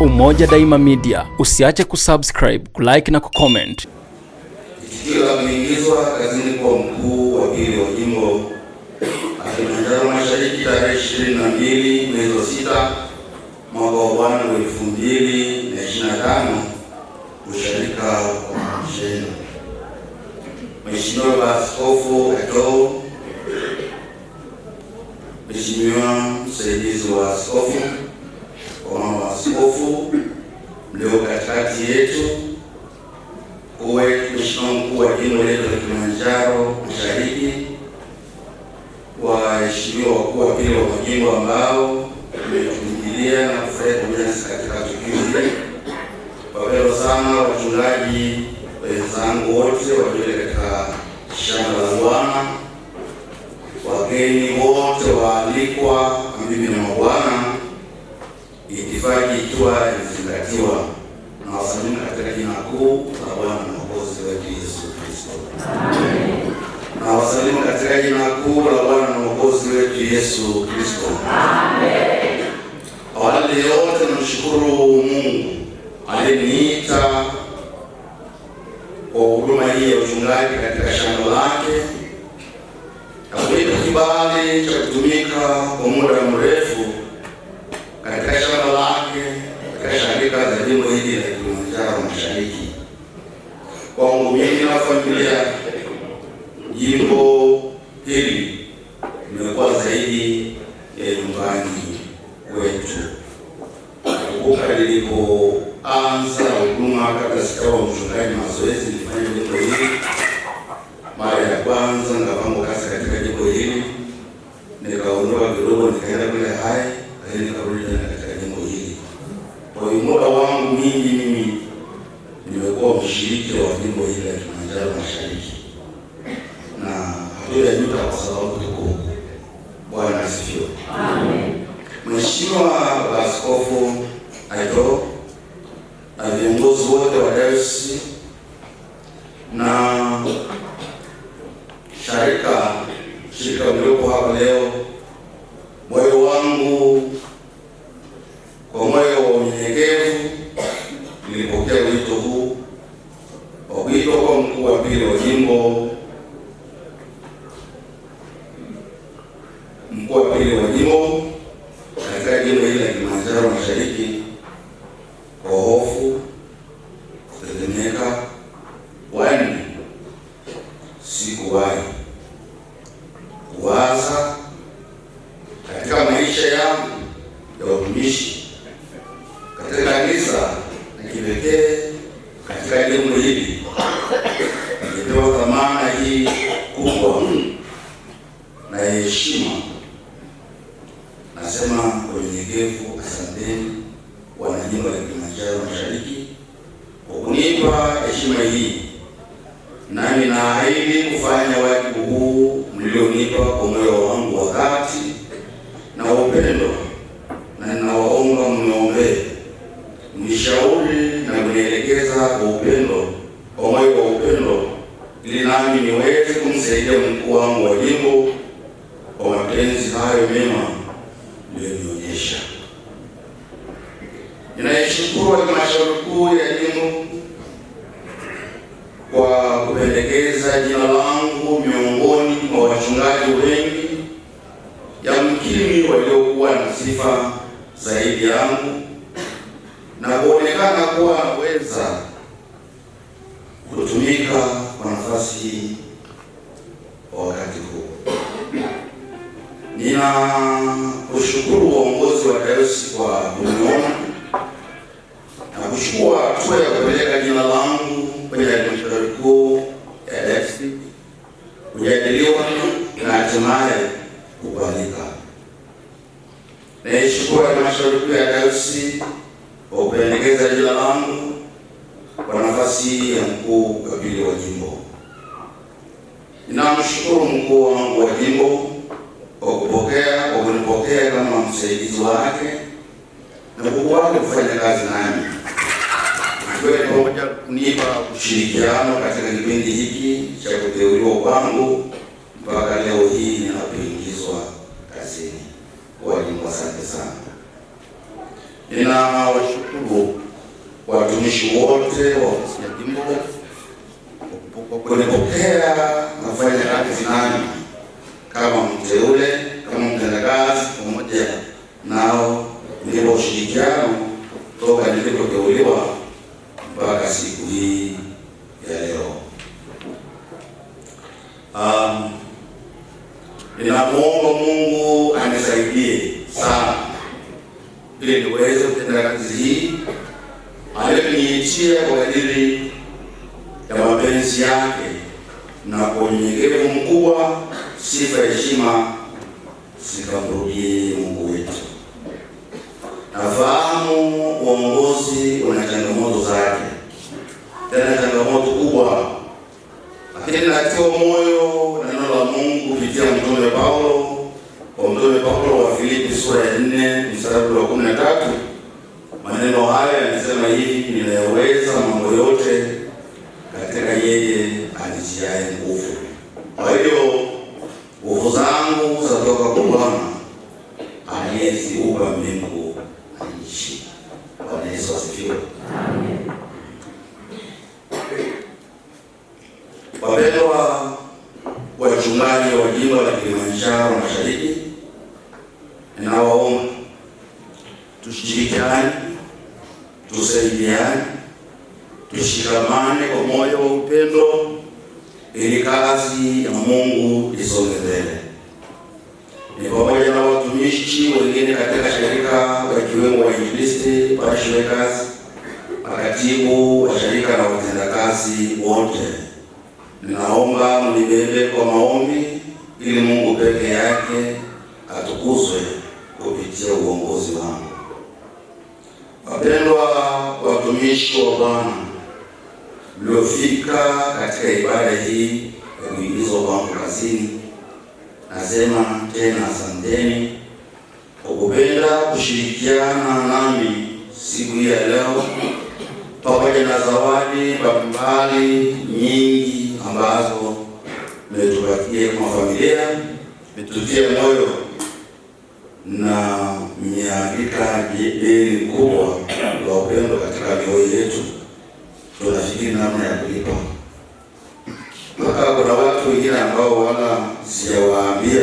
Umoja Daima Media, usiache kusubscribe, kulike na kucomment. Tukio la kuingizwa kazini kwa mkuu wa pili wa jimbo la Kilimanjaro Mashariki tarehe 22 mwezi wa sita mwaka wa Bwana 2025 usharika wa msheni Mheshimiwa Baskofu Atoo, Mheshimiwa msaidizi wa askofu Askofu mlio katikati yetu, uwe mheshimiwa mkuu wa jimbo letu la Kilimanjaro Mashariki, waheshimiwa wakuu wa pili wa majimbo ambao umetuingilia na kufurahi pamoja nasi katika tukio hili, wapendwa sana wachungaji wenzangu wote walio katika shamba la Bwana, wageni wote waalikwa, mabibi na mabwana Ipaji ikiwa imezingatiwa na wasalimu katika jina kuu la Bwana na Mwokozi wetu Yesu Kristo. Amen. Na wasalimu katika jina kuu la Bwana na Mwokozi wetu Yesu Kristo. Amen. Awali yote namshukuru Mungu aliyeniita kwa huduma hii ya uchungaji katika shamba lake, kakuipa kibali cha kutumika kwa muda mrefu familia, jimbo hili limekuwa zaidi ya nyumbani kwetu. Nakumbuka nilipoanza huduma kama sikawa mchungaji mazoezi, nilifanya jimbo hili mara ya kwanza ngapanga kuwa mshiriki wa jimbo hili la Kilimanjaro Mashariki, na hatujajuta kwa sababu tuko Bwana asifiwe. Amen. Mheshimiwa Askofu Aito na viongozi wote wa dayosisi na sharika shirika mliopo hapa leo kwa hofu, kutetemeka, kwani sikuwahi kuwaza katika maisha yangu ya utumishi katika kanisa na kipekee katika jengo hili nimepewa dhamana hii upendo, na ninawaomba mniombee, mnishauri na mnielekeza kwa upendo, kwa moyo wa upendo, ili nami niweze kumsaidia mkuu wangu wa jimbo kwa mapenzi hayo mema mliyonionyesha. Ninaishukuru halmashauri kuu ya jimbo kwa kupendekeza jina akili yangu na kuonekana kuwa anaweza kutumika kwa nafasi hii. Wakati huu kushukuru uongozi wa dayosisi kwa kuniona na kuchukua hatua ya kupeleka jina langu kwenye halmashauri kuu ya kujadiliwa na hatimaye Naishukuru halmashauri kuu ya Dayosisi kwa kupendekeza jina langu kwa nafasi ya mkuu wa pili wa jimbo. Ninamshukuru mkuu wangu wa jimbo kwa kupokea kwa kunipokea kama msaidizi wake na wake kufanya kazi nami, ikiwa ni pamoja kunipa ushirikiano katika kipindi hiki cha kuteuliwa kwangu mpaka leo hii ninapoingia Walimu, asante sana. Ninawashukuru watumishi wote wa ofisi ya jimbo kunipokea nafanya kazi nani kama mteule aliyoniitia kwa ajili ya mapenzi yake, na kwa unyenyekevu mkubwa, sifa, heshima zikamrudie Mungu wetu. Nafahamu uongozi una changamoto zake, tena changamoto kubwa, lakini natiwa moyo na neno la Mungu kupitia mtume Paulo kwa mtume Paulo wa Filipi sura ya 4 mstari wa 13 maneno haya yalisema hivi, ninayaweza mambo yote katika yeye anitiaye nguvu. Kwa hiyo nguvu zangu zatoka kwa Bwana aliyeziumba mbingu na nchi. Bwana Yesu asifiwe. Wapendwa wachungaji wa jimbo la Kilimanjaro Mashariki tushikamane kwa moyo wa upendo ili kazi ya Mungu isonge mbele. Ni pamoja na watumishi wengine katika shirika wakiwemo wainjilisti, parish workers, makatibu wa shirika na watendakazi wote, ninaomba mlibebe kwa maombi ili Mungu peke yake atukuzwe kupitia uongozi wangu. Wapendwa watumishi wa Bwana, mliofika katika ibada hii ya kuingizwa kwangu kazini, nasema tena asanteni kwa kupenda kushirikiana nami siku hii ya leo, pamoja na zawadi mbalimbali nyingi ambazo mmetupatia kwa familia, metutia moyo na mmeandika deni kubwa la upendo katika mioyo yetu tunafikiri namna ya kulipa. Mpaka kuna watu wengine ambao wala sijawaambia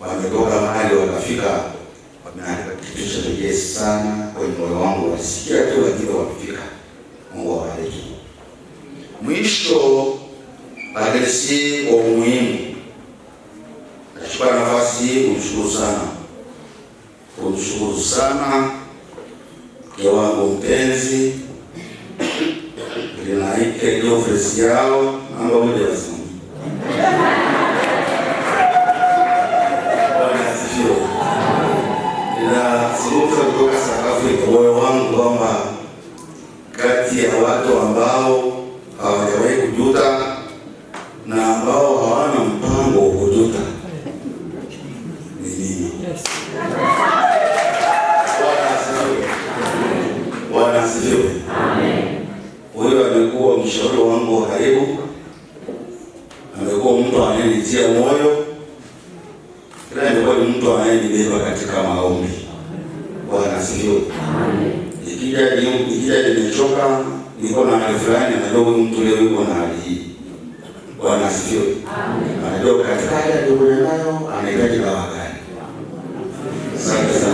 wametoka mahali wakafika, wameandika kitu sana kwenye moyo wangu, wasikia tu wengine wamefika. Mungu awabariki. Mwisho lakini si wa umuhimu, nachukua nafasi hii kumshukuru sana, kumshukuru sana mke wangu mpenzi katika ofisi yao ambao hujawasema inazungumza kutoka sakafu ya moyo wangu kwamba kati ya watu ambao hawajawahi kujuta nimekuwa mtu anayenitia moyo, tena nimekuwa ni mtu anayenibeba katika maombi. Bwana sio Ikija ikija nimechoka, niko na hali fulani, anajua huyu mtu leo yuko na hali hii. Bwana asifiwe. Anajua katika hali aliyokuwa nayo anahitaji dawa gani. Asante sana.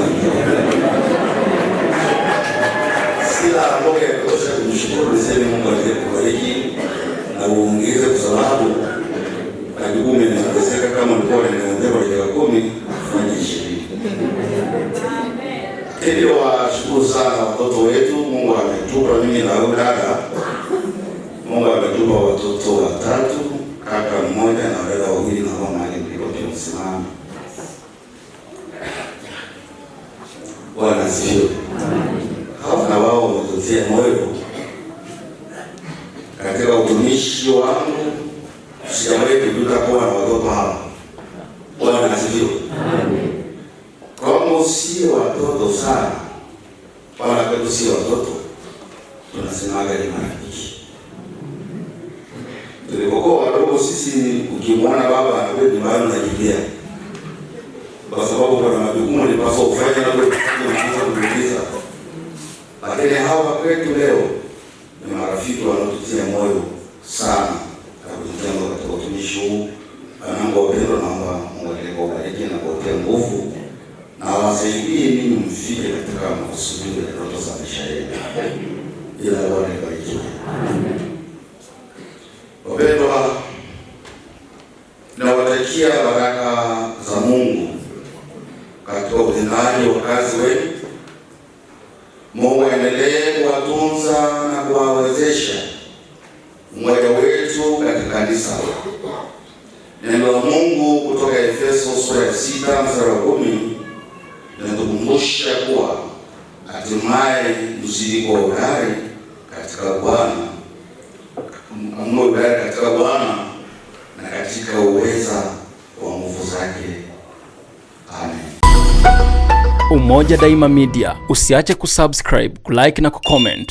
asifiwe. Kama sio watoto sana wala kwetu sio watoto, tunasemaga ni marafiki. Tulipokuwa wadogo sisi, ukimwona baba anakwenda nyumbani unajimbia, kwa sababu kuna majukumu alipaswa kufanya nakuuliza. Lakini hawa kwetu leo ni marafiki wanaotutia moyo sana. tusije katika makusudio ya ndoto za maisha yetu, ila Bwana ibariki. Wapendwa, nawatakia baraka za Mungu katika utendaji wa kazi wenu. Mungu aendelee kuwatunza na kuwawezesha mmoja wetu katika kanisa. Neno la Mungu kutoka Efeso sura ya 6 mstari wa 10 kuzidi kwa hodari katika Bwana, mwe hodari katika Bwana na katika uweza wa nguvu zake. Amen. Umoja Daima Media, usiache kusubscribe, kulike na kucomment